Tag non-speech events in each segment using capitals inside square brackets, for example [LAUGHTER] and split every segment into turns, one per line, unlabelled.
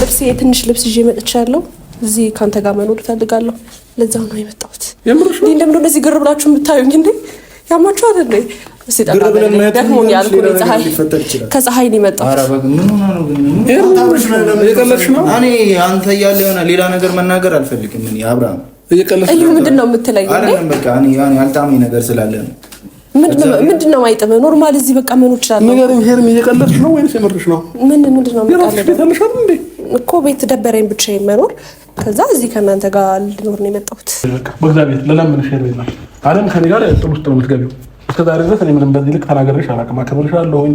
ልብስ የትንሽ ልብስ ይዤ መጥቻለሁ። እዚህ ከአንተ ጋር መኖር እፈልጋለሁ። ለዛው ነው የመጣሁት። እኔ እንደምደ እንደዚህ ግር ብላችሁ የምታዩኝ እንዴ? ያማችሁ አይደል?
ከፀሐይ ነው
የመጣሁት።
አንተ እያለ የሆነ ሌላ ነገር መናገር አልፈልግም። አብርሃም
ምንድን ነው የምትለኝ?
በቃ ነገር ስላለ ነው
ምንድን ነው ማይጥም? ኖርማል እዚህ በቃ መኖር ይችላል።
ነገር ሄርም እየቀለድሽ ነው ወይስ የምርሽ ነው? ምን ምንድን ነው
እኮ ቤት ደበረኝ ብቻዬን መኖር። ከዛ እዚህ ከእናንተ ጋር ልኖር ነው የመጣሁት።
በእግዚአብሔር ለለምንሽ ሄር ቤት አለም ከኔ ጋር ጥሩ ውስጥ ነው የምትገቢው። እስከዛሬ ድረስ እኔ ምንም በዚህ ልክ ተናገርሽ አላውቅም። አከብርሻለሁኝ፣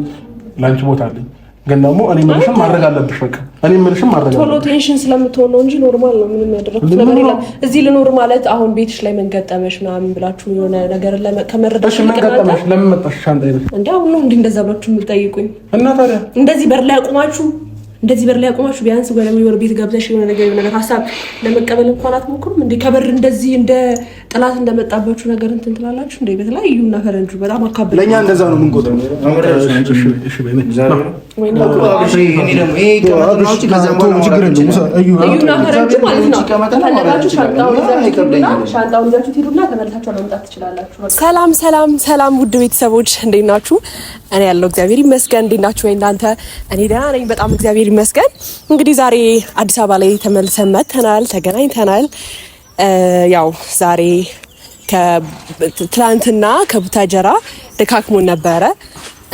ለአንቺ ቦታ አለኝ ግን ደግሞ እኔ የምልሽም ማድረግ አለብሽ። በቃ እኔ የምልሽም ማድረግ አለብሽ።
ቶሎ ቴንሽን ስለምትሆን ነው እንጂ ኖርማል ነው። ምንም ያደረኩት ነገር የለም። እዚህ ልኖር ማለት አሁን ቤትሽ ላይ ምን ገጠመሽ ምናምን ብላችሁ የሆነ ነገር ከመረዳት
እሺ፣ ምን ገጠመሽ? ለምን መጣሽ? ሻንጣ ይበል
እንዴ! አሁን ነው እንዲህ እንደዛ ብላችሁ የምትጠይቁኝ እና ታዲያ እንደዚህ በር ላይ አቁማችሁ እንደዚህ በር ላይ አቆማችሁ ቢያንስ ወደ የሆነ ቤት ጋብዘሽ የሆነ ነገር የሆነ ነገር ሀሳብ ለመቀበል እንኳን አትሞክሩም እንዴ? ከበር እንደዚህ እንደ ጥላት እንደመጣባችሁ ነገር እንትን ትላላችሁ እንዴ? በተለይ እዩና ፈረንጁ በጣም አካባቢ
ለእኛ እንደዛ ነው የምንቆጥረው።
ሰላም ሰላም ሰላም፣ ውድ ቤተሰቦች እንዴት ናችሁ? እኔ ያለው እግዚአብሔር ይመስገን። እንዴት ናችሁ ወይ እናንተ? እኔ ደህና ነኝ በጣም እግዚአብሔር ይመስገን። እንግዲህ ዛሬ አዲስ አበባ ላይ ተመልሰን መጥተናል፣ ተገናኝተናል። ያው ዛሬ ትላንትና ከቡታጀራ ደካክሞን ነበረ።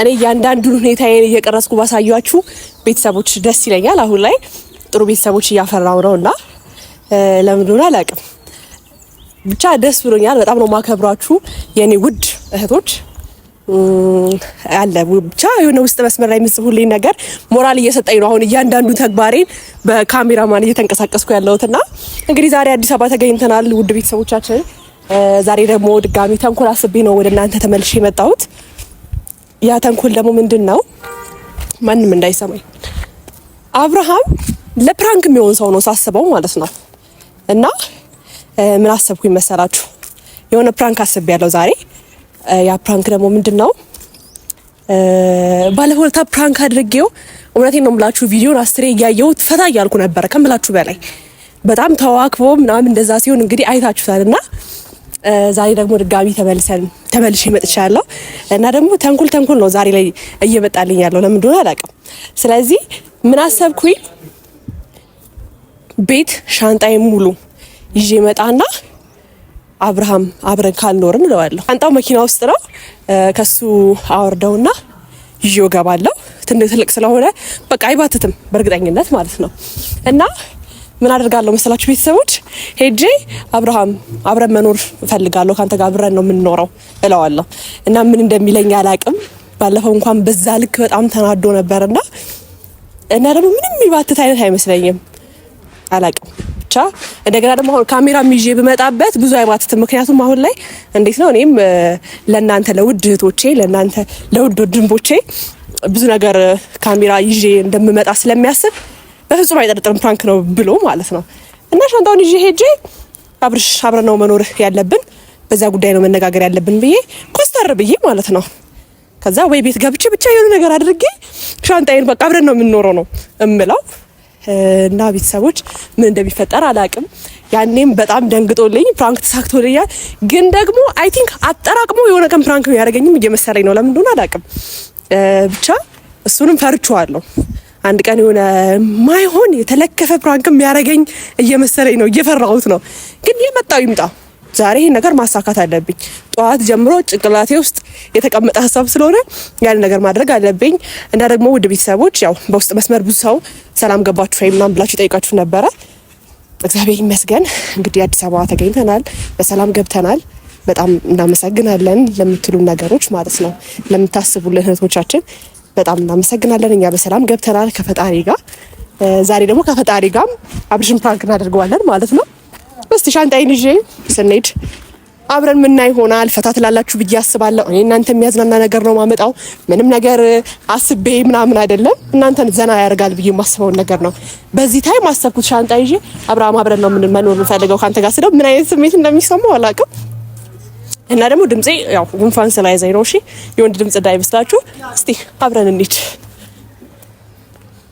እኔ እያንዳንዱን ሁኔታ እየቀረጽኩ ባሳያችሁ ቤተሰቦች ደስ ይለኛል። አሁን ላይ ጥሩ ቤተሰቦች እያፈራው ነው እና ለምን አላውቅም፣ ብቻ ደስ ብሎኛል። በጣም ነው ማከብሯችሁ የእኔ ውድ እህቶች አለ ብቻ የሆነ ውስጥ መስመር ላይ የምጽፉልኝ ነገር ሞራል እየሰጠኝ ነው። አሁን እያንዳንዱ ተግባሬን በካሜራማን እየተንቀሳቀስኩ ያለሁት እና እንግዲህ ዛሬ አዲስ አበባ ተገኝተናል፣ ውድ ቤተሰቦቻችን። ዛሬ ደግሞ ድጋሚ ተንኮል አስቤ ነው ወደ እናንተ ተመልሼ የመጣሁት። ያ ተንኮል ደግሞ ምንድን ነው? ማንም እንዳይሰማኝ አብርሃም ለፕራንክ የሚሆን ሰው ነው ሳስበው ማለት ነው። እና ምን አሰብኩኝ መሰላችሁ? የሆነ ፕራንክ አስቤ ያለው ዛሬ ያ ፕራንክ ደግሞ ምንድን ነው? ባለሁለታ ፕራንክ አድርጌው እውነቴን ነው የምላችሁ፣ ቪዲዮን አስሬ እያየሁት ፈታ እያልኩ ነበረ ከምላችሁ በላይ በጣም ተዋክቦ ምናምን እንደዛ ሲሆን እንግዲህ አይታችሁታል። እና ዛሬ ደግሞ ድጋሚ ተመልሰን ተመልሼ መጥቻለሁ እና ደግሞ ተንኩል ተንኩል ነው ዛሬ ላይ እየመጣልኝ ያለው ለምን እንደሆነ አላውቅም። ስለዚህ ምን አሰብኩኝ ቤት ሻንጣዬ ሙሉ ይዤ መጣና አብርሃም አብረን ካልኖርን እለዋለሁ። አንጣው መኪና ውስጥ ነው። ከሱ አወርደውና ይዤው እገባለሁ። ትንሽ ትልቅ ስለሆነ በቃ አይባትትም በእርግጠኝነት ማለት ነው። እና ምን አደርጋለሁ መሰላችሁ ቤተሰቦች፣ ሄጄ አብርሃም አብረን መኖር እፈልጋለሁ፣ ከአንተ ጋር አብረን ነው የምንኖረው እለዋለሁ። እና ምን እንደሚለኝ አላቅም። ባለፈው እንኳን በዛ ልክ በጣም ተናዶ ነበርና እና ደግሞ ምንም የሚባትት አይነት አይመስለኝም። አላቅም ብቻ እንደገና ደግሞ አሁን ካሜራ ይዤ ብመጣበት ብዙ አይማትትም። ምክንያቱም አሁን ላይ እንዴት ነው እኔም ለእናንተ ለውድ እህቶቼ ለእናንተ ለውድ ወንድሞቼ ብዙ ነገር ካሜራ ይዤ እንደምመጣ ስለሚያስብ በፍጹም አይጠርጥርም ፕራንክ ነው ብሎ ማለት ነው። እና ሻንጣውን ይዤ ሄጄ አብርሽ አብረን ነው መኖር ያለብን፣ በዛ ጉዳይ ነው መነጋገር ያለብን ብዬ ኮስተር ብዬ ማለት ነው። ከዛ ወይ ቤት ገብቼ ብቻ የሆነ ነገር አድርጌ ሻንጣዬን በቃ አብረን ነው የምንኖረው ነው እምለው እና ቤተሰቦች ምን እንደሚፈጠር አላቅም። ያኔም በጣም ደንግጦልኝ ፕራንክ ተሳክቶልኛል። ግን ደግሞ አይ ቲንክ አጠራቅሞ የሆነ ቀን ፕራንክ ያደረገኝም እየመሰለኝ ነው። ለምን እንደሆነ አላቅም። ብቻ እሱንም ፈርቼዋለሁ። አንድ ቀን የሆነ ማይሆን የተለከፈ ፕራንክም የሚያደርገኝ እየመሰለኝ ነው፣ እየፈራሁት ነው። ግን የመጣው ይምጣ ዛሬ ይሄን ነገር ማሳካት አለብኝ። ጠዋት ጀምሮ ጭንቅላቴ ውስጥ የተቀመጠ ሀሳብ ስለሆነ ያን ነገር ማድረግ አለብኝ እና ደግሞ ውድ ቤተሰቦች ያው በውስጥ መስመር ብዙ ሰው ሰላም ገባችሁ ወይ ምናምን ብላችሁ ጠይቃችሁ ነበረ። እግዚአብሔር ይመስገን እንግዲህ አዲስ አበባ ተገኝተናል፣ በሰላም ገብተናል። በጣም እናመሰግናለን ለምትሉ ነገሮች ማለት ነው፣ ለምታስቡልን እህቶቻችን በጣም እናመሰግናለን። እኛ በሰላም ገብተናል ከፈጣሪ ጋር። ዛሬ ደግሞ ከፈጣሪ ጋር አብርሽን ፕራንክ እናደርገዋለን ማለት ነው። እስቲ ሻንጣዬን ይዤ ስንሄድ አብረን ምና ይሆናል ፈታ ትላላችሁ ብዬ አስባለሁ። እኔ እናንተ የሚያዝናና ነገር ነው ማመጣው። ምንም ነገር አስቤ ምናምን አይደለም። እናንተን ዘና ያደርጋል ብዬ የማስበውን ነገር ነው በዚህ ታይም አሰብኩት። ሻንጣ ይዤ አብርሃም አብረን ነው ምን መኖር እንፈልገው ከአንተ ጋር ስለው ምን አይነት ስሜት እንደሚሰማው አላውቅም። እና ደግሞ ድምፄ ያው ጉንፋን ስላይዘኝ ነው። እሺ የወንድ ድምፅ እንዳይመስላችሁ። እስቲ አብረን እንሂድ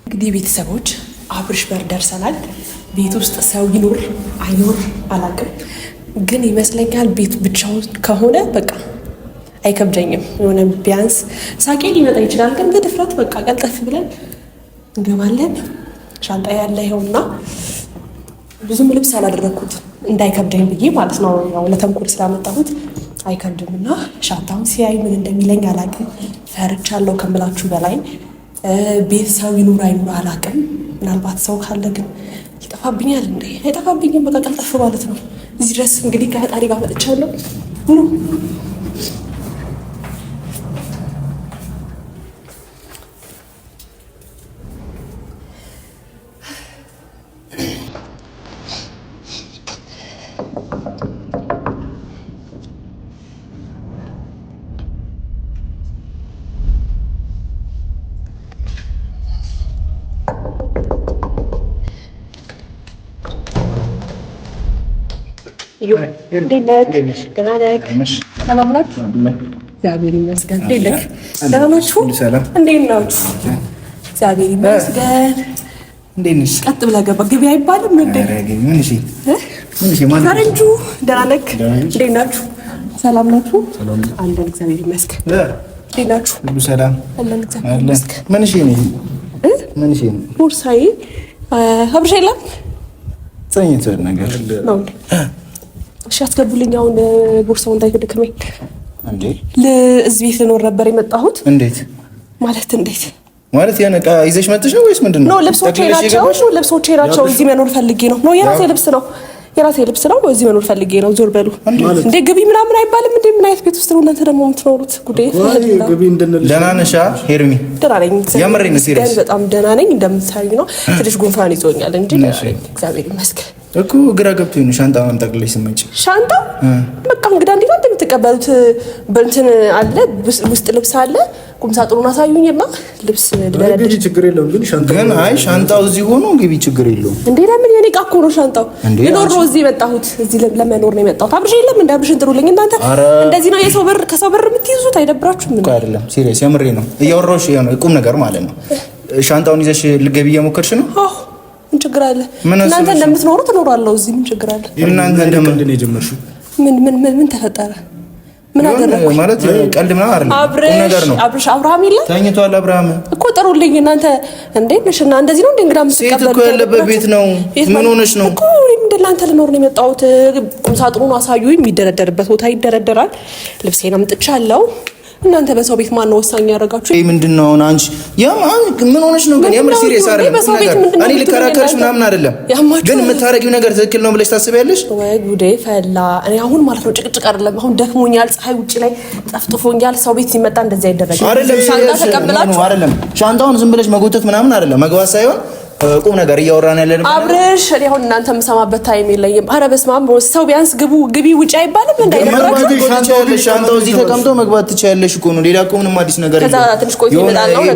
እንግዲህ ቤተሰቦች አብርሽ በር ደርሰናል። ቤት ውስጥ ሰው ይኖር አይኖር አላውቅም፣ ግን ይመስለኛል ቤት ብቻውን ከሆነ በቃ አይከብደኝም። የሆነ ቢያንስ ሳቄ ሊመጣ ይችላል፣ ግን በድፍረት በቃ ቀልጠፍ ብለን እንገባለን። ሻንጣ ያለ ይኸውና፣ ብዙም ልብስ አላደረግኩት እንዳይከብደኝ ብዬ ማለት ነው። ያው ለተንኮል ስላመጣሁት አይከብድም እና ሻንጣውን ሲያይ ምን እንደሚለኝ አላውቅም። ፈርቻለሁ ከምላችሁ በላይ። ቤት ሰው ይኑር አይኑር አላውቅም። ምናልባት ሰው ካለ ግን ይጠፋብኛል እንዴ? አይጠፋብኝም። በቃ ቀልጠፍ ማለት ነው። እዚህ ድረስ እንግዲህ ከፈጣሪ ጋር መጥቻለሁ። እንዴት ነህ? ደህና ነህ? ሰላም ናችሁ? እግዚአብሔር ይመስገን። እንዴት ነህ? ደህና ናችሁ? እንዴት ናችሁ? እግዚአብሔር ይመስገን። እንዴት ነሽ? ቀጥ ብለህ ገባ ግቢ አይባልም። ፈረንጁ
ደህና ነህ?
እንዴት ናችሁ? ሰላም ናችሁ? አለን እግዚአብሔር ይመስገን።
እንዴት ናችሁ? ሁሉ ሰላም
አለን እግዚአብሔር ይመስገን።
መንሽ ነው መንሽ ነው
ቦርሳዬ አብረሽ የለም
ጽኝት ነገር
ነው እሺ አስገቡልኝ። አሁን ቦርሳው እንዳይወድቅብኝ። እንዴ እዚህ ቤት ልኖር ነበር የመጣሁት። እንዴት ማለት እንዴት
ማለት ያን ዕቃ ይዘሽ መጥተሽ ነው ወይስ ምንድን
ነው? ልብሶቼ ናቸው። ልብሶቼ ናቸው። እዚህ መኖር ፈልጌ ነው። ነው የራሴ ልብስ ነው የራሴ ልብስ ነው። በዚህ መኖር ፈልጌ ነው። ዞር በሉ እንዴ ግቢ ምናምን አይባልም። እንዴ? ምን አይነት ቤት ውስጥ ነው እናንተ ደግሞ የምትኖሩት? ጉዴ
ደህና ነሽ ሄርሚ?
ደህና ነኝ፣ በጣም ደህና ነኝ። እንደምታዩ ነው። ትንሽ ጉንፋን ይዞኛል እንጂ እግዚአብሔር ይመስገን
እኮ ግራ ገብቶኝ ነው። ሻንጣ ማን ላይ ስመጪ
ሻንጣ በቃ እንግዳ እንዴት ነው የምትቀበሉት? በእንትን አለ ውስጥ ልብስ አለ ቁም ሳጥሩን አሳዩኝማ። ልብስ
ግቢ ችግር የለውም ግን አይ ሻንጣው እዚህ ሆኖ ግቢ ችግር የለውም
እንዴ። ለምን የኔ ዕቃ እኮ ነው ሻንጣው። ልኖር ነው እዚህ የመጣሁት፣ እዚህ ለመኖር ነው የመጣሁት። አብርሽ የለም እንደ አብርሽን ጥሩልኝ እናንተ። እንደዚህ ነው የሰው በር ከሰው በር የምትይዙት አይደብራችሁም?
ምን አይደለም ሲሪየስ፣ የምሬ ነው እያወራሁሽ። የሆነ ቁም ነገር ማለት ነው። ሻንጣውን ይዘሽ ልገቢ እየሞከርሽ ነው?
አዎ ምን ችግር አለ? እናንተ እንደምትኖሩ ትኖራለሁ እዚህ ምን ችግር አለ?
እናንተ እንደምን እንደጀመርሽ
ምን ምን ምን ተፈጠረ? ምን አደረኩ
ማለት ቀልድ ምናምን አይደለም፣
ቁም ነገር ነው። አብርሽ
አብርሃም
እኮ ጥሩልኝ እናንተ። እንዴት ነሽ? እና እንደዚህ ነው እንደ
ሴት እኮ ያለበት ቤት ነው። ምን ሆነሽ ነው
እኮ እንደ ላንተ ልኖር ነው የመጣሁት። ቁምሳጥኑን አሳዩ። የሚደረደርበት ቦታ ይደረደራል። ልብሴን አምጥቻለሁ። እናንተ በሰው ቤት ማን ነው ወሳኝ ያደረጋችሁ?
ይሄ ምንድን ነው? አንቺ ምን ሆነሽ ነው? ግን የምር ሲሪየስ
አይደለም።
እኔ ልከራከርሽ ምናምን አይደለም፣ ግን የምታረጊው ነገር ትክክል ነው ብለሽ ታስቢያለሽ?
ወይ ጉዴ ፈላ። እኔ አሁን ማለት ነው ጭቅጭቅ አይደለም። አሁን ደክሞኛል፣ ፀሐይ ውጭ ላይ ጠፍጥፎኛል። ሰው ቤት ሲመጣ እንደዚህ አይደረግም
አይደለም። ሻንጣውን ዝም ብለሽ መጎተት ምናምን አይደለም፣ መግባት ሳይሆን ቁም ነገር እያወራን ያለን
አብርሽ፣ እኔ አሁን እናንተ የምሰማበት ታይም የለኝም። ኧረ በስመ አብ ሰው ቢያንስ ግቡ ግቢ ውጭ አይባልም።
ሻንጣው እዚህ ተቀምጦ መግባት ትችያለሽ እኮ ነው። ሌላ እኮ ምንም አዲስ ነገር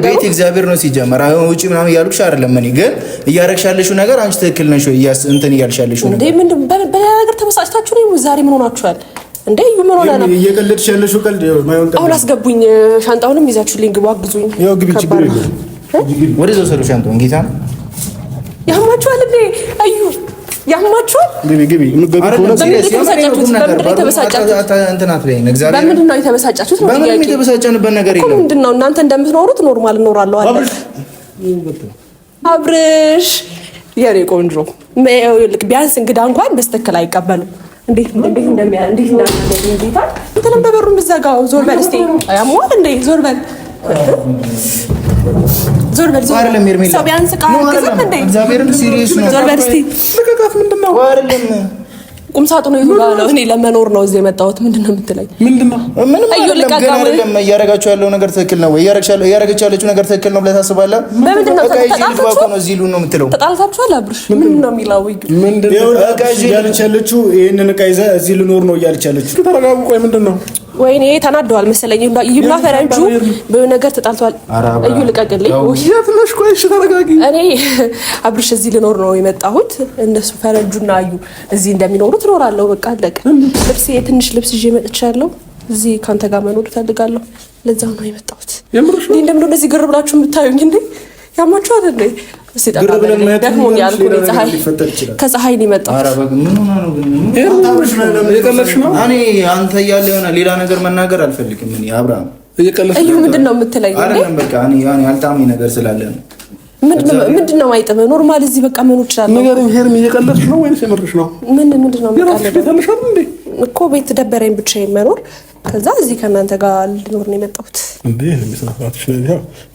ቤት እግዚአብሔር ነው ሲጀመር። አሁን ውጭ ምናምን እያልኩሽ አይደለም። እኔ ግን እያረግሽ ያለሽው ነገር አንቺ ትክክል ነሽ ወይ እንትን እያልሽ ያለሽው
ነገር ምንድን በሌላ ነገር ተበሳጭታችሁ ነው ዛሬ ምን ሆናችኋል? እንዴ ምን ሆነ
ነው እየቀለድሽ ያለሽው? ቀልድ
ማይሆን ቀልድ። አሁን አስገቡኝ፣ ሻንጣውንም ይዛችሁልኝ ግቡ፣ አግዙኝ።
ያው ግቢ፣ ችግር የለም። ወደዛ ሰሩ ሻንጣውን ጌታ
ያማችኋል እንዴ? እዩ ያማችኋል። ነው እናንተ እንደምትኖሩት ኖርማል እኖራለሁ አለ አብርሽ። የኔ ቆንጆ ቢያንስ እንግዳ እንኳን በስትክል አይቀበሉም። እንዴት እንትንም በበሩ ዞር በል እስኪ። ያሟል እንዴ? ዞር በል ዞር ቁም ሳጥኑ የቱ ጋር እኔ ለመኖር ነው እዚህ የመጣሁት ምንድነው የምትለኝ
ምንድነው ምንም እያደረጋችሁ ያለው ነገር ትክክል ነው እያደረገች ያለችው ነገር ትክክል ነው ብለህ ታስባለህ
ምንድነው ተጣልታችሁ እዚህ ነው የሚለው
ይሄንን እቃ ይዘህ እዚህ ልኖር ነው እያለች ያለችው ተረጋጉ ቆይ ምንድነው
ወይኔ ተናደዋል መሰለኝ። እዩና ፈረንጁ በነገር ተጣልቷል። እዩ ልቀቅልኝ። እኔ አብርሽ እዚህ ልኖር ነው የመጣሁት። እነሱ ፈረንጁና እዩ እዚህ እንደሚኖሩ ትኖራለሁ። በቃ አለቀ። ልብስ የትንሽ ልብስ ይዤ መጥቻለሁ። እዚህ ካንተ ጋር መኖር እፈልጋለሁ። ለዛው ነው የመጣሁት። እንደምንደ እንደዚህ ግር ብላችሁ የምታዩኝ እንዴ? ያማችሁ አይደል? ከፀሐይ
አንተ እያለ የሆነ ሌላ ነገር መናገር አልፈልግም። አብርሃም
እዩ ምንድን ነው የምትለኝ? ነገር ስላለ ነው ምንድን ነው አይጥምህ? ኖርማል እዚህ በቃ መኖር እችላለሁ።
ንገረኝ፣ ሄርም እየቀለድሽ ነው ወይስ የምርሽ ነው? ምን ምንድን ነው
እኮ ቤት ደበረኝ ብቻዬን መኖር። ከዛ እዚህ ከእናንተ ጋር ልኖር ነው የመጣሁት።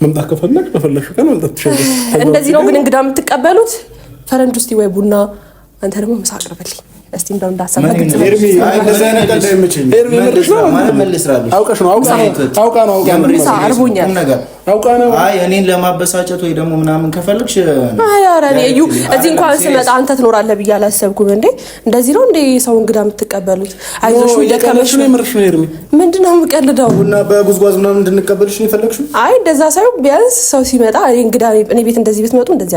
መምጣት ከፈለግ በፈለሽ ቀን መምጣት ትችላለሽ።
እንደዚህ ነው ግን እንግዳ የምትቀበሉት? ፈረንጅ ውስጥ ወይ ቡና፣ አንተ ደግሞ ምሳ አቅርብልኝ እስቲ
እንደው
ለማበሳጨት ወይ ደግሞ ምናምን ከፈልግሽ
እዩ እዚህ እንኳን ስመጣ አንተ ትኖራለህ ብዬ አላሰብኩም። እንዴ እንደዚህ ነው እንዴ ሰው እንግዳ የምትቀበሉት? አይዞሽ ደከመሽ ምንድን ነው የምቀልደው?
በጉዝጓዝ ምናምን እንድንቀበልሽ
አይ እንደዛ ሳይሆን ቢያንስ ሰው ሲመጣ እንግዳ እኔ ቤት እንደዚህ እንደዚህ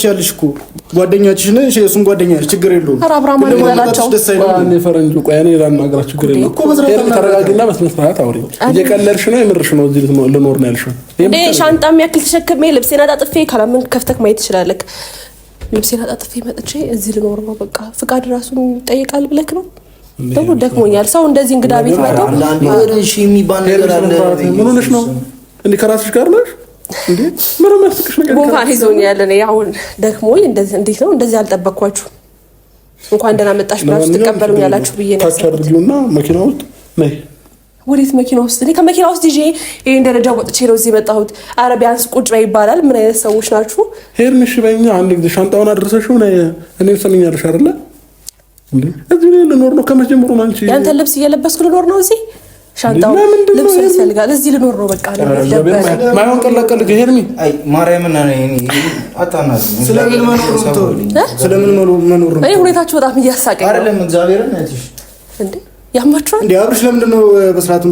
ያለሽ እኮ ጓደኛችሽ ጓደኛ ችግር የለውም። ቆያኔ ችግር የለውም። ተረጋጊና በስነ ስርዓት አውሪ። እየቀለድሽ ነው? የምርሽ ነው? እዚህ ልኖር ነው ያልሽው?
ሻንጣ የሚያክል ተሸክሜ ልብሴን አጣጥፌ ካላምን ከፍተክ ማየት ትችላለህ። ልብሴን አጣጥፌ መጥቼ እዚህ ልኖር ነው በቃ። ፍቃድ ራሱ ይጠይቃል ብለክ ነው ደግሞ ደክሞኛል። ሰው እንደዚህ እንግዳ ቤት የሚባል ነገር
አለ።
ምን ሆነሽ ነው? እንዲህ ከራስሽ ጋር ነሽ?
ጉንፋን ይዞኛል። እኔ አሁን ደክሞኝ እንዴት ነው እንደዚህ አልጠበቅኳችሁ እንኳን ደህና መጣሽ ብላችሁ ትቀበሉኝ ያላችሁ ብዬ
ነው። ታች መኪና ውስጥ ነይ።
ወዴት መኪና ውስጥ? እኔ ከመኪና ውስጥ ይዤ ይህን ደረጃ ወጥቼ ነው እዚህ የመጣሁት። ኧረ ቢያንስ ቁጭ በይ ይባላል። ምን አይነት ሰዎች ናችሁ?
ሄድን። እሺ በይኝ። አንድ ጊዜ ሻንጣውን አድርሰሽ ሆነ እኔም ሰምኛለሽ አለ እዚህ ልኖር ነው ከመጀመሩ አንቺ
ያንተን ልብስ እየለበስኩ ልኖር ነው እዚህ ሻንጣው ልብሱ ያስፈልጋል። እዚህ ልኖር ነው በቃ
ማይሆን ቀላቀልግ ሄርሚ
ማርያምና ስለምን
መኖር
ነው።
ሁኔታችሁ በጣም እያሳቀኝ
ነው።
ያማቸው
እንዴ አብርሽ፣ ለምንድን ነው በስርዓቱ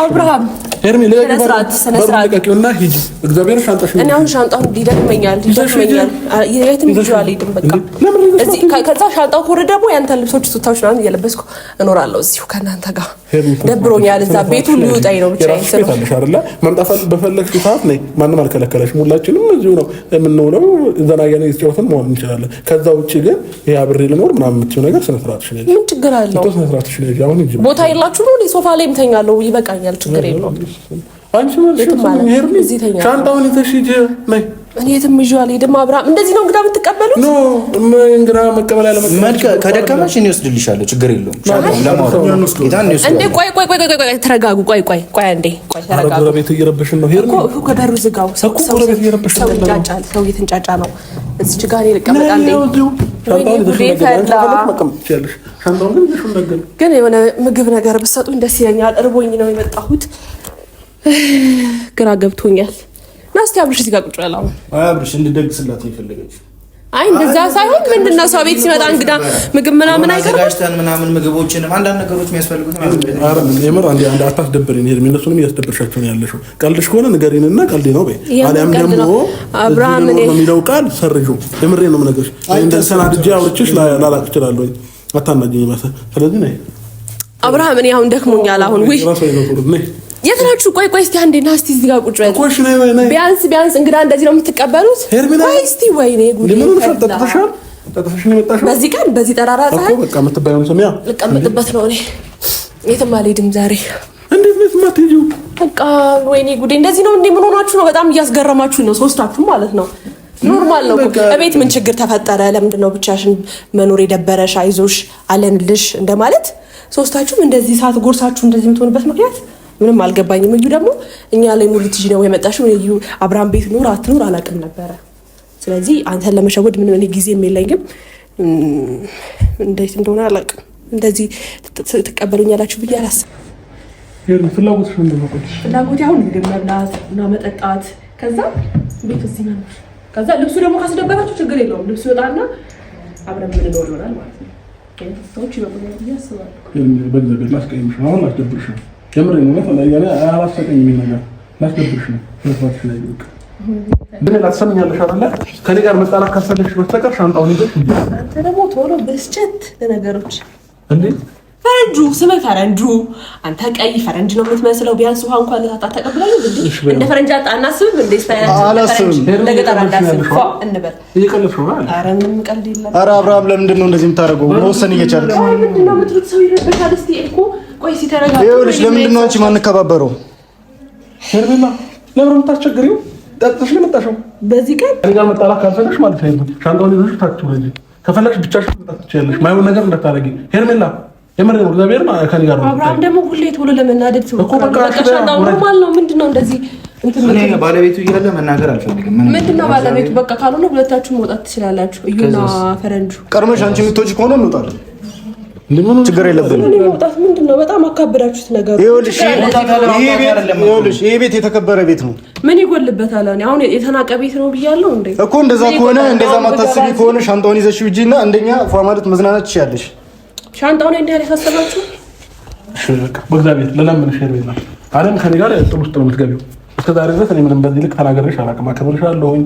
አብርሃም፣ ሻንጣው ይደክመኛል፣ ይደክመኛል። የትም ሂጂ አልሄድም። በቃ ከዛ ሻንጣው ከወረደ ደግሞ ያንተ ልብሶች ሱታዎች ናን እየለበስኩ እኖራለሁ እዚሁ ከእናንተ ጋር። ደብሮኛል። እዛ ቤቱ ሊውጣኝ ነው። ብቻ
መምጣት በፈለግሽ ሰዓት ነይ፣ ማንም አልከለከለሽም። ሁላችንም እዚሁ ነው የምንውለው። ዘና መሆን እንችላለን። ከዛ ግን ልኖር ምናምን የምትይው ነገር
ምን ችግር አለው? ቦታ የላችሁ ነው? ሶፋ ላይ የምተኛለው ይበቃኛል። ችግር የለውም። እኔትም የትም ይዤው አልሄድም። አብርሃም እንደዚህ ነው እንግዳ የምትቀበሉት?
ኖ እንግዳ መቀበል አለ
መቀበል ከደከመሽ እኔ ወስድልሻለሁ፣ ችግር የለውም።
እንዴ ቆይ ቆይ ቆይ ቆይ ተረጋጉ። ቆይ ቆይ ቆይ እንዴ
ቆይ ተረጋጉ። ጎረቤት እየረበሽን ነው። እኮ
ከበሩ ዝጋው።
ሰው ጎረቤት እየረበሽን ነው።
ይንጫጫል፣ ሰው እየተንጫጫ ነው። እዚህ ጋር እኔ ልቀመጥ ግን የሆነ ምግብ ነገር ብትሰጡኝ ደስ ይለኛል። እርቦኝ ነው የመጣሁት፣ [SIGHS] ግራ ገብቶኛል። እና እስኪ አብርሽ እዚህ ጋር ቁጭ በል አሁን።
አብርሽ እንድደግስላት ነው የፈለገችው።
አይ እንደዛ ሳይሆን ምንድን ነው ሰው ቤት ሲመጣ እንግዳ ምግብ ምናምን
አይቀርም ምናምን ምግቦችንም አንዳንድ ነገሮች የሚያስፈልጉት
የምር አንድ አንድ አታስደብረኝ። ይሄ እነሱንም እያስደብርሻቸው ነው ያለሽው። ቀልድሽ ከሆነ ንገሪንና ቀልድ ነው በይ። አሊያም ደግሞ አብርሃም የሚለው ቃል ሰርዡ። የምሬ ነው የምነግርሽ። ሰናድጄ አውርቼሽ ላላቅ እችላለሁ። አታናጅኝ። ስለዚህ ነይ
አብርሃም፣ እኔ አሁን ደክሞኛል አሁን የት ናችሁ? ቆይ ቆይ እስቲ አንዴ ና እስቲ እዚህ ጋር ቁጭ
በል።
ቢያንስ ቢያንስ እንግዳ እንደዚህ ነው የምትቀበሉት? ቆይ እስቲ ወይኔ ጉድ በዚህ ቀን በዚህ ጠራራ
ፀሐይ ልቀመጥበት
ነው እኔ የትም አልሄድም ዛሬ። በቃ ወይኔ ጉዴ እንደዚህ ነው እንዴ? ምን ሆናችሁ ነው? በጣም እያስገረማችሁ ነው ሶስታችሁ ማለት ነው። ኖርማል ነው እቤት ምን ችግር ተፈጠረ? ለምንድን ነው ብቻሽን መኖር የደበረሽ? አይዞሽ አለንልሽ እንደማለት ሶስታችሁም እንደዚህ ሰዓት ጎርሳችሁ እንደዚህ የምትሆንበት ምክንያት ምንም አልገባኝም። እዩ ደግሞ እኛ ላይ ሙሉ ትጂ ነው የመጣሽው። እዩ አብርሃም ቤት ኑር አትኑር አላውቅም ነበረ። ስለዚህ አንተን ለመሸወድ ምንም እኔ ጊዜም የለኝም። እንዴት እንደሆነ አላውቅም። እንደዚህ ትቀበሉኛላችሁ ብዬ አላስብም። ፍላጎት ፍላጎት አሁን ምግብ መብላት እና መጠጣት፣ ከዛ ቤት እዚህ መኖር፣ ከዛ ልብሱ ደግሞ ካስደበራችሁ ችግር የለውም ልብሱ ይወጣና አብረን ምንኖር ይሆናል ማለት ነው። ሰዎች ይበቁኛል ብዬ አስባለሁ።
በእግዚአብሔር ላስቀይምሽ አሁን አስደብርሽ ጀምር ነው ማለት ነው። ያለ አላሰቀኝ ምን ነገር ላስደብርሽ ነው ተፋሽ ላይ ይልቅ ምን ላሰኛለሽ አይደለ? ከኔ ጋር መጣላት ካሰለሽ በስተቀር ሻንጣውን ይዘሽ
አንተ ደግሞ ቶሎ ብስጭት ለነገሮች እንዴ ፈረንጁ ስም ፈረንጁ አንተ ቀይ ፈረንጅ ነው የምትመስለው። ቢያንስ ውሃ እንኳን ለታጣ ተቀብላለ እንደ ፈረንጅ አጣ እናስብም እንደ
አብርሃም፣ ለምንድን ነው እንደዚህ የምታደርገው? መወሰን እየቻለ ቆይ ሲተረጋ ይኸውልሽ፣ ለምንድን ነው አንቺ የማንከባበረው? ሸርሚማ ለምን የምታስቸግሪው? ጠጥተሽ ነው የመጣሽው። በዚህ ቀን እኔ ጋር መጣላት ካልፈለግሽ ማለት ነው። ሻንጣውን ይዘሽ ታችሁ ልጅ ከፈለግሽ ብቻሽን መጣት ትችያለሽ። ማይሆን ነገር እንዳታረጊ ሄርሜላ። የምር ነው እግዚአብሔር
ከኔ ጋር ነው። አብርሃም ደግሞ ሁሌ ቶሎ ለመናደድ ሰው እኮ በቃ ሻንጣው ኖርማል ነው። ምንድን ነው እንደዚህ
ባለቤቱ እያለ መናገር አልፈልግም።
ምንድን ነው ባለቤቱ? በቃ ካልሆነ ሁለታችሁ መውጣት ትችላላችሁ። እዩና ፈረንጁ
ቀድመሽ አንቺ የምትወጪ ከሆነ እንውጣለን ችግር የለብንም።
በጣም አካብዳችሁት ነገሩ።
ይሄ ቤት የተከበረ ቤት ነው።
ምን ይጎልበታል? አሁን የተናቀ ቤት ነው ብያለሁ እንዴ
እኮ። እንደዛ ከሆነ እንደዛ ማታስቢ ከሆነ ሻንጣውን ይዘሽ ሂጂ እና እንደኛ ፏ ማለት መዝናናት ትችያለሽ።
ሻንጣውን እንዲህ ያሳሰባችሁ
በእግዚአብሔር ለለምን ሼር ቤት ነው አለም ከኔ ጋር ጥሩ ውስጥ ነው የምትገቢው። እስከዛሬ ድረስ እኔ ምንም በዚህ ልክ ተናገርሽ አላውቅም። አከብርሻለሁኝ፣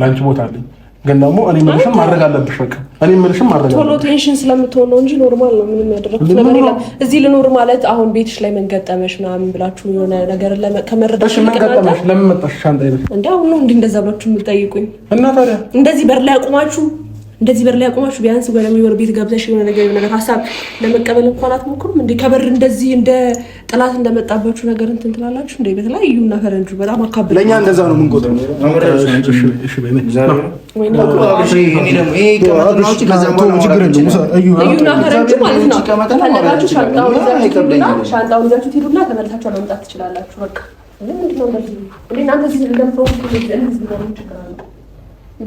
ለአንቺ ቦታ አለኝ ግን ደግሞ እኔ የምልሽም ማድረግ አለብሽ። በቃ እኔ የምልሽም ማድረግ አለብሽ።
ቶሎ ቴንሽን ስለምትሆነው እንጂ ኖርማል ነው። ምንም ያደረኩት ነገር የለም። እዚህ ልኖር ማለት አሁን ቤትሽ ላይ መንገጠመሽ ምናምን ብላችሁ የሆነ ነገር ከመረዳት
እሺ፣ መንገጠመሽ ለምን መጣሽ? ሻንጣ ይበል
እንዴ! አሁን ነው እንዲህ እንደዛ ብላችሁ የምትጠይቁኝ እና ታዲያ እንደዚህ በር ላይ አቁማችሁ እንደዚህ በር ላይ አቆማችሁ ቢያንስ ወደሚወር ቤት ገብተሽ የሆነ ነገር የሆነ ነገር ሀሳብ ለመቀበል እንኳን አትሞክሩም እንዴ? ከበር እንደዚህ እንደ ጥላት እንደመጣባችሁ ነገር እንትን ትላላችሁ እንዴ? በተለያዩ እና ፈረንጁ በጣም አካብ
ለእኛ እንደዛ ነው የምንቆጥረው።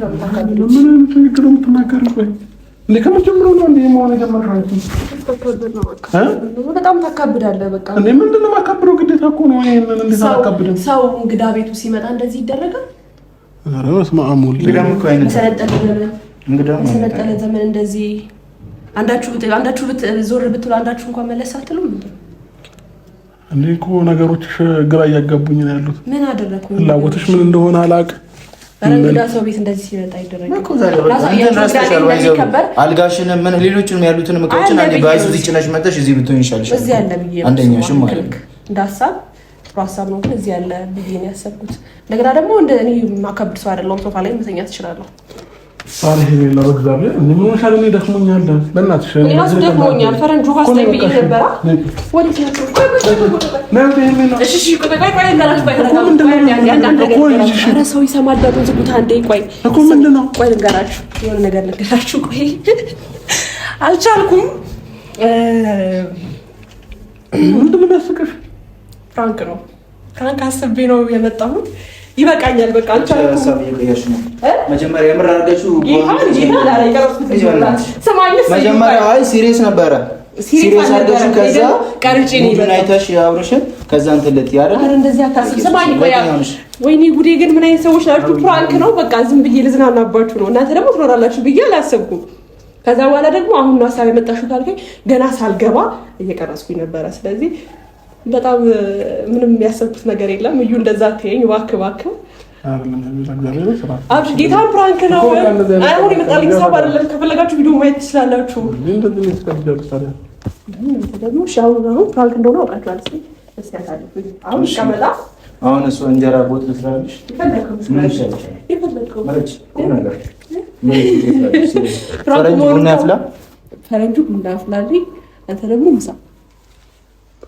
ነው እንዴ መሆን የጀመረው? በጣም ታካብዳለህ። በቃ እኔ ምንድን ነው የማካብደው? ግዴታ እኮ ነው። ይሄንን ሰው እንግዳ ቤቱ ሲመጣ እንደዚህ ይደረጋል? ኧረ በስመ አብ ወልድ። ዘመን እንደዚህ አንዳችሁ አንዳችሁ ዞር ብትሉ አንዳችሁ እንኳን መለስ አትሉም እንዴ? እኔ እኮ ነገሮች ግራ እያጋቡኝ ነው ያሉት። ምን አደረኩኝ? ፍላጎትሽ ምን እንደሆነ አላውቅም እንግዳ አልጋሽን ምን ያሉትን እቃዎችን በያዙ ጭነሽ መጠሽ እዚህ ብትሆን ይሻልሽ። አንደኛሽም ማለት ሀሳብ ነው፣ ግን እዚህ ያለ ብዬ ነው ያሰብኩት። እንደገና ደግሞ እንደ እኔ ሰው አይደለሁም። ሶፋ ላይ መተኛ ትችላለሁ። ኧረ ይሄ እግዚአብሔር ምን ሆነሻል? እኔ ደክሞኛል። በእናትሽ ደክሞኛል። ፈረንጁ ነው? ኧረ ሰው ይሰማል። በሉ ዝጉታ። አንዴ ቆይ እኮ ምንድን ነው? ቆይ ልንገራችሁ፣ የሆነ ነገር ልንገራችሁ። ቆይ አልቻልኩም። ምንድን ነው የሚያስቅሽ? ፍራንክ ነው ፍራንክ አስቤ ነው የመጣሁት ይበቃኛል። በቃ አንቺ ሀሳብ ነው። መጀመሪያ የምር አድርገሽው መጀመሪያ አይ ሲሪየስ ነበረ ሲሪየስ ከዛ ነው እንደዚህ አታስብ። ወይኔ ጉዴ! ግን ምን አይነት ሰዎች ናችሁ? ፕራንክ ነው በቃ ዝም ብዬ ልዝናናባችሁ ነው። እናንተ ደግሞ ትኖራላችሁ ብዬ አላሰብኩም። ከዛ በኋላ ደግሞ አሁን ነው ሀሳብ የመጣሽው ካልከኝ ገና ሳልገባ እየቀረስኩኝ ነበረ ስለዚህ በጣም ምንም የሚያሰብኩት ነገር የለም። እዩ እንደዛ ትይኝ ዋክ ዋክ አብሽ ጌታ ፕራንክ ነው። አሁን የመጣልኝ ሰው አይደለም። ከፈለጋችሁ ቪዲዮ ማየት ትችላላችሁ። አሁን ፕራንክ እንደሆነ አውቃችኋል። አሁን እሱ እንጀራ ቦት ልስራልሽ ፈረንጁ ቡና ያፍላልኝ አንተ ደግሞ ምሳ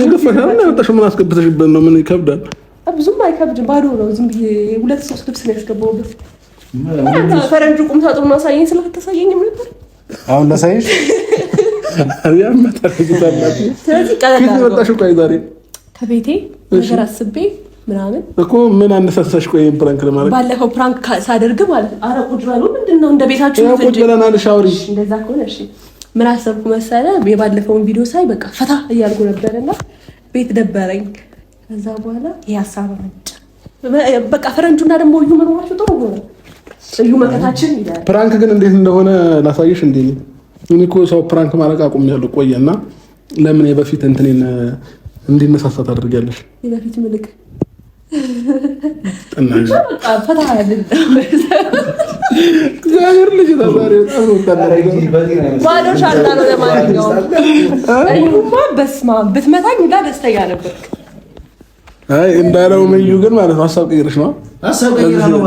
እንግፈህ ምን ያወጣሽ? ምን አስገብተሽበት ነው? ምን ይከብዳል? ብዙም አይከብድም። ባዶ ነው። ዝም ብዬ ሁለት ሶስት ልብስ ነው ያስገባሁበት። ፈረንጁ ቁም ሳጥኑ አሳየኝ ስለ ነበር። አሁን ላሳይሽ። ከቤቴ ነገር አስቤ ምናምን እኮ ምን አነሳሳሽ? ቆይ ፕራንክ ለማድረግ ባለፈው ፕራንክ ሳደርግ ማለት ነው። አረ ቁጭ በሉ ምንድን ነው እንደ ቤታችሁ ቁጭ ብለናል። ሻወሪ እንደዛ ከሆነ እሺ ምን አሰብኩ መሰለ የባለፈውን ቪዲዮ ሳይ በቃ ፈታ እያልኩ ነበርና ቤት ደበረኝ። ከዛ በኋላ ይህ ሀሳብ በቃ ፈረንጁና ደግሞ እዩ መኖራቸው ጥሩ ሆነ። እዩ መከታችን ይላል። ፕራንክ ግን እንዴት እንደሆነ ላሳየሽ። እንዲ እኔ ሰው ፕራንክ ማድረግ አቁሜያለሁ። እና ለምን የበፊት እንትኔን እንዲነሳሳ ታደርጊያለሽ? የበፊት ምልክ ፈታ ያለ እግዚአብሔር ልጅ ታዛሬ በጣም ነው ባዶ ሻንጣ ነው። ለማንኛውም እዩማ በስማ ብትመታኝ ሁላ ደስተኛ ነበርክ። አይ እንዳለው እዩ ግን ማለት ነው ሀሳብ ቀይረሽ ነው።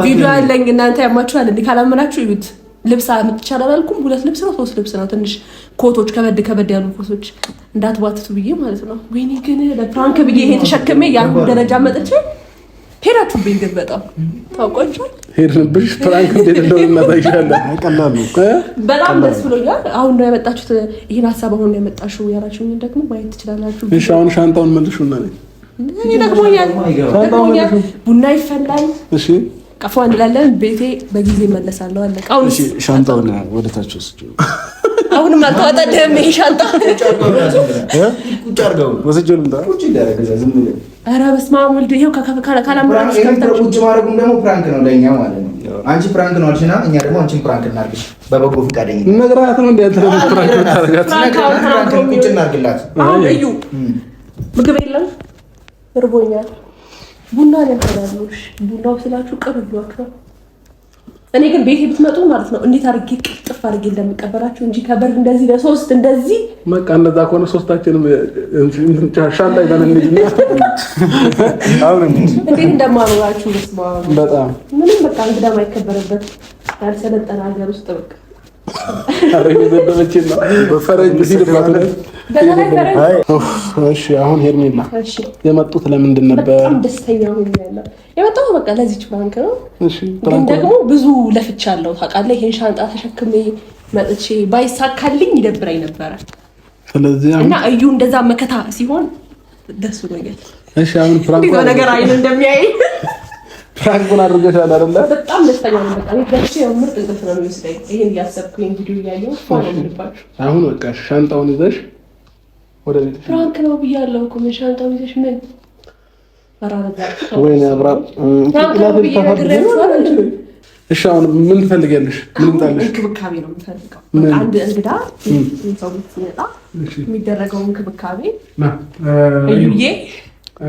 ቪዲዮ አለኝ እናንተ ያማችኋል እንዴ? ካላመናችሁ እዩት። ልብስ አምጥቻል አላልኩም? ሁለት ልብስ ነው ሶስት ልብስ ነው። ትንሽ ኮቶች ከበድ ከበድ ያሉ ኮቶች እንዳትባትቱ ብዬ ማለት ነው። ወይኔ ግን ለፕራንክ ብዬ ይሄ ተሸክሜ ያን ደረጃ መጥቼ ሄዳችሁብኝ። ግን በጣም ታውቋችኋል ሄድንብሽ ፕራንክ እንዴት እንደሆነ እናሳይሻለን። በጣም ደስ ብሎኛል። አሁን ነው ያመጣችሁት ይህን ሀሳብ አሁን ነው ያመጣችሁ ያላችሁ ደግሞ ማየት ትችላላችሁ። እሺ አሁን ሻንጣውን መልሹና ደግሞኛል። ደግሞኛል። ቡና ይፈላል። እሺ ቀፎ እንላለን። ቤቴ በጊዜ እመለሳለሁ። አለቃ አሁን ሻንጣውን ወደታችሁ አሁንም አልተዋጠልህም ይሄ ሻንጣ። ኧረ በስመ አብ ወልድ ይኸው ቁጭ ማድረጉም ደግሞ ፕራንክ ነው ለእኛ ማለት ነው። አንቺ ፕራንክ ነው አልሽና እኛ ደግሞ አንቺን ፕራንክ እናርግሽ። በበጎ ፈቃደኝነት ነግረሀት ነው ቁጭ እናርግላት። አሁን እዩ ምግብ የለም እርቦኛል። ቡና ሊያፈላሉሽ ቡናው ስላችሁ ቅር ብሏቸው እኔ ግን ቤቴ ብትመጡ ማለት ነው እንዴት አድርጌ ቅልጥፍ አድርጌ እንደምቀበራችሁ እንጂ ከበር እንደዚህ ለሶስት እንደዚህ በቃ እንደዛ ከሆነ ሶስታችንም ሻንጣ ይዘን እንዴት እንደማኖራችሁ ስማ። በጣም ምንም በቃ እንግዳ ማይከበርበት ያልሰለጠነ ሀገር ውስጥ በቃ አሁን ሄርሜላ የመጡት ለምንድን ነበር? በጣም ደስተኛ ሆኜ ያለው የመጣው በቃ ለዚች ባንክ ነው። ግን ደግሞ ብዙ ለፍቻለሁ ታውቃለህ። ይሄን ሻንጣ ተሸክሜ መጥቼ ባይሳካልኝ ይደብረኝ ነበረ። ስለዚህ እና እዩ እንደዛ መከታ ሲሆን ደስ ብሎኛል። እሺ አሁን ፍራንኮ ነገር አይን እንደሚያይ ፍራንኩን አድርገሽ አይደለ? በጣም ደስተኛ ነው። በቃ ይገርምሽ ነው። ምርጥ እንቅልፍ ነው የሚመስለኝ። ይሄን እያሰብኩኝ ቪዲዮ እያየሁ አሁን በቃ ሻንጣውን ይዘሽ ወደ ቤት። ፍራንክ ነው ብያለሁ እኮ ምን ሻንጣውን ይዘሽ ምን ወይኔ እሺ አሁን ምን ትፈልጊያለሽ? ምን ታለሽ? እንክብካቤ ነው የምፈልገው። አንድ እንግዳ ሰው ሲመጣ የሚደረገው እንክብካቤ እዩዬ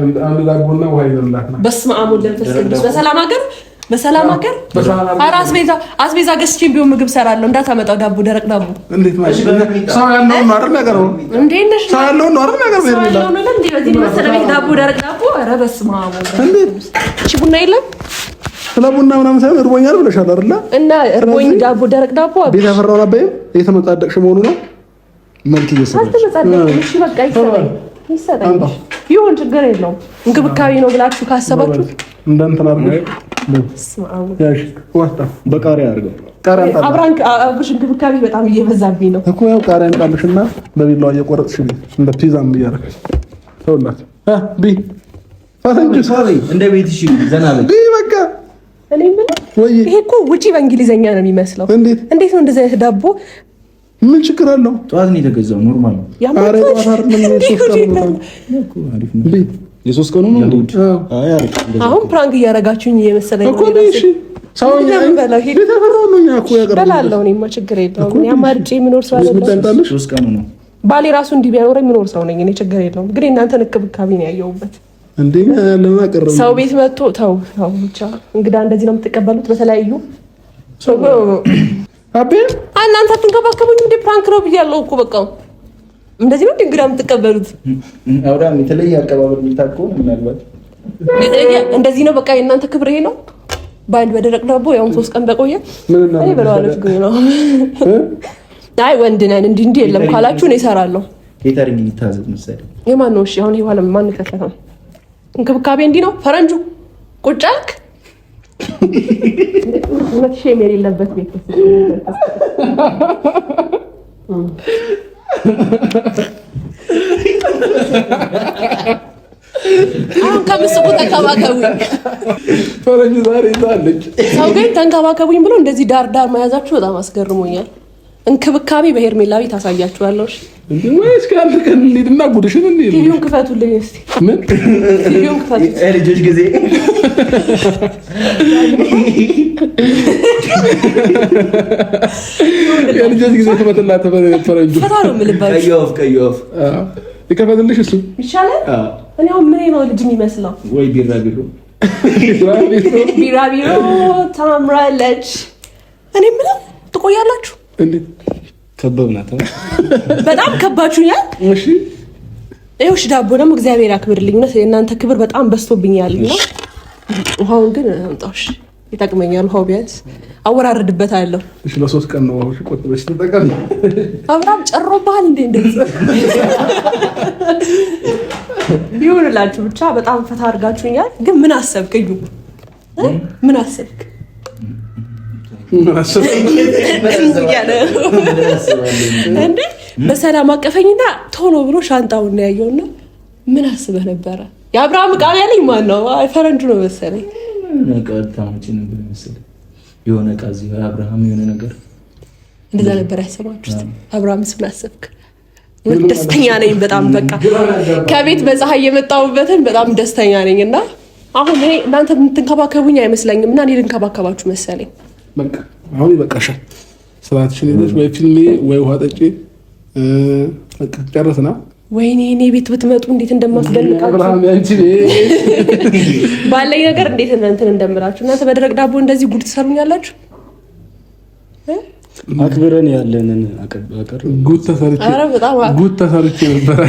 አንድ ዳቦና ውሃ ይዘላት ነው። በስመ አብ ወመንፈስ ቅዱስ። በሰላም ሀገር በሰላም ሀገር ኧረ አስቤዛ አስቤዛ ገዝቼ ቢሆን ምግብ እንዳታመጣው ዳቦ፣ ደረቅ ዳቦ እንዴት ማለት ሰው ነው ነገር ነው ኧረ በስመ አብ እንዴት ቡና የለም ስለ ቡና ምናምን ሳይሆን እርቦኛል ብለሻል እና እርቦኝ ዳቦ፣ ደረቅ ዳቦ ቤት እየተመጻደቅሽ መሆኑ ነው መልክ ይሰጠኝ ይሁን፣ ችግር የለውም። እንክብካቤ ነው ብላችሁ ካሰባችሁ እንደንትና በቃሪያ አድርገው አብራን አብሽ እንክብካቤ በጣም እየበዛብኝ ነው እኮ ያው ቃሪያን ጣልሽና በቢላዋ እየቆረጥሽ እንደ ፒዛም እያደረግሽ ውጪ በእንግሊዘኛ ነው የሚመስለው። እንዴት ነው እንደዚህ አይነት ዳቦ ምን ችግር አለው? ጠዋት ነው የተገዛው። ኖርማል ነው። የሶስት ቀኑ ነው። አሁን ፕራንክ እያደረጋችሁኝ የመሰለኝ እኮ ችግር የለውም። አማርጬ የምኖር ነው። ባሌ ራሱ እንዲህ ቢያኖረኝ የምኖር ሰው ነኝ እኔ። ችግር የለውም። ግን እናንተ እንክብካቤ ነው ያየሁበት። ሰው ቤት መጥቶ ተው ተው፣ ብቻ እንግዳ እንደዚህ ነው የምትቀበሉት በተለያዩ አቤ እናንተ አትንከባከቡኝ ፕራንክ ነው ብያለሁ እኮ በቃ እንደዚህ ነው የምትቀበሉት። አውዳም የተለየ አቀባበል ምናልባት እንደዚህ ነው በቃ የእናንተ ክብር ይሄ ነው። ባል በደረቅ ዳቦ ያው ሶስት ቀን በቆየ እኔ በለዋለች ግን ነው። አይ ወንድ ነን እንዲህ እንዲህ የለም ካላችሁ እኔ እሰራለሁ። ኬተሪንግ ይታዘዝ መሰለኝ። የማን ነው? እሺ አሁን ይሄ ማን እንክብካቤ እንዲህ ነው። ፈረንጁ ቁጭ አልክ እውነት ሼም የሌለበት ቤት አሁን ከምስኩ ተንከባከቡኝ። ፈረንጅ ዛሬ ይዛለች። ሰው ግን ተንከባከቡኝ ብሎ እንደዚህ ዳር ዳር መያዛችሁ በጣም አስገርሞኛል። እንክብካቤ በሄርሜላ ቤት ታሳያችኋለሁ። እስከ ቀን እንሂድና ጉድሽን እንሂድ። ክፈቱልኝ እስኪ ምን ልጆች ጊዜ የልጆች ጊዜ ትመትና ተፈረጁ ይከፈትልሽ እሱ ይሻላል። እኔ አሁን ምሬ ነው ልጅ የሚመስለው ወይ ቢራቢሮ ቢራቢሮ ታምራለች። እኔ የምለው ትቆያላችሁ። እንዴት ከበብናት በጣም ከባችሁኛል። እሺ ይኸው ዳቦ ደግሞ እግዚአብሔር ያክብርልኝ። እውነት የእናንተ ክብር በጣም በዝቶብኛልና ውሃውን ግን አምጣው። ይጠቅመኛል። ውሃው ቢያንስ አወራርድበታለሁ። ለሶስት ቀን ነው ቆጥበሽ ትጠቀም። አብርሃም ጨሮብሃል እንዴ? እንደዚህ ይሁንላችሁ። ብቻ በጣም ፈታ አድርጋችሁኛል። ግን ምን አሰብክ እዩ? ምን አሰብክ? እንዴ በሰላም አቀፈኝና ቶሎ ብሎ ሻንጣውን ያየውና ምን አስበህ ነበረ? የአብርሃም ቃል ያለኝ ማን ነው? ፈረንጁ ነው መሰለኝ። የሆነ ቃዚ አብርሃም የሆነ ነገር እንደዛ ነበር ያሰባችሁት። አብርሃም ስምን አሰብክ? ደስተኛ ነኝ በጣም በቃ ከቤት በፀሐይ የመጣሁበትን በጣም ደስተኛ ነኝ። እና አሁን እኔ እናንተ የምትንከባከቡኝ አይመስለኝም እና እኔ ልንከባከባችሁ መሰለኝ። በቃ አሁን ይበቃሻል። ስራትሽን ሄደሽ ወይ ፊልሜ ወይ ውሃ ጠጪ በቃ ጨረስና ወይኔ እኔ ቤት ብትመጡ እንዴት እንደማስደንቃችሁ ባለኝ ነገር እንዴት እንትን እንደምላችሁ እናንተ በደረቅ ዳቦ እንደዚህ ጉድ ትሰሩኛላችሁ። አክብረን ያለንን ጉድ ተሰርቼ ነበር።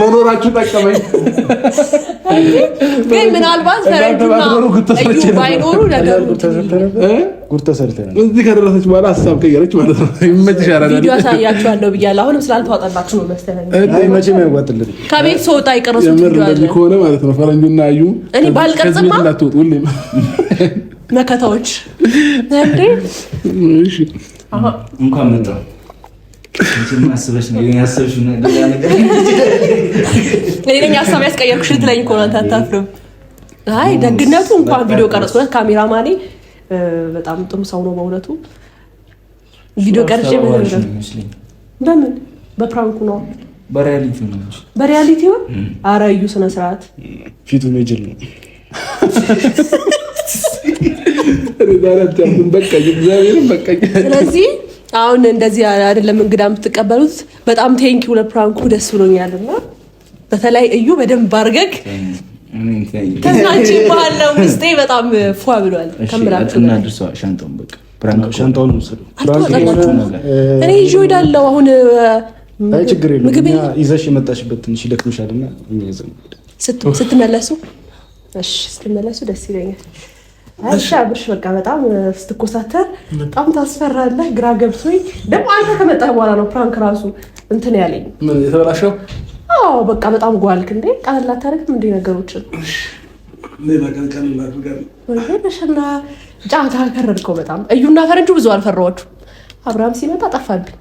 መኖራችሁ ጠቀመኝ። ግን ምናልባት ፈረንጁና እዩ ባይኖሩ ነገሩ እዚህ ከደረሰች በኋላ ሀሳብ ቀየረች ማለት ነው። ይመችሽ አሳያችኋለሁ ብያለሁ። አሁንም ስላልተዋጠላችሁ ነው መሰለኝ። ከሆነ ማለት ነው። እኔ መከታዎች እንኳን መጣ ሌላኛ ሀሳብ ያስቀየርኩሽ ልትለኝ እኮ ነው። አታፍርም? አይ ደግነቱ እንኳን ቪዲዮ ቀረጽኩ። ካሜራማኔ በጣም ጥሩ ሰው ነው በእውነቱ። ቪዲዮ ቀርጬ በምን በፕራንኩ ነው በሪያሊቲ ነው በሪያሊቲ ነው። ኧረ ስነ ስርዓት ፊቱ ነው ጅል ነው። ስለዚህ አሁን እንደዚህ አይደለም እንግዳ የምትቀበሉት። በጣም ቴንኪው ለፕራንኩ ደስ ብሎኛል እና በተለይ እዩ በደንብ አድርገህ ተዝናንቺ ባለው ውስጤ በጣም ፏ ብሏል። እኔ ይዤ እሄዳለሁ አሁን ይዘሽ ስትመለሱ ስትመለሱ ደስ ይለኛል። እሺ አብርሽ በቃ በጣም ስትኮሳተር በጣም ታስፈራለህ። ግራ ገብቶኝ ደግሞ አንተ ከመጣህ በኋላ ነው ፕራንክ ራሱ እንትን ያለኝ ምን የተበላሸው። አዎ በቃ በጣም ጓልክ እንዴ። ቀለል አታደርግም እንዴ ነገሮችን? ሌላ ቀን ቀለል አድርጋለሁ። ጫታ ከረድከው በጣም እዩና ፈረንጁ ብዙ አልፈራኋችሁም። አብርሃም ሲመጣ ጠፋብኝ።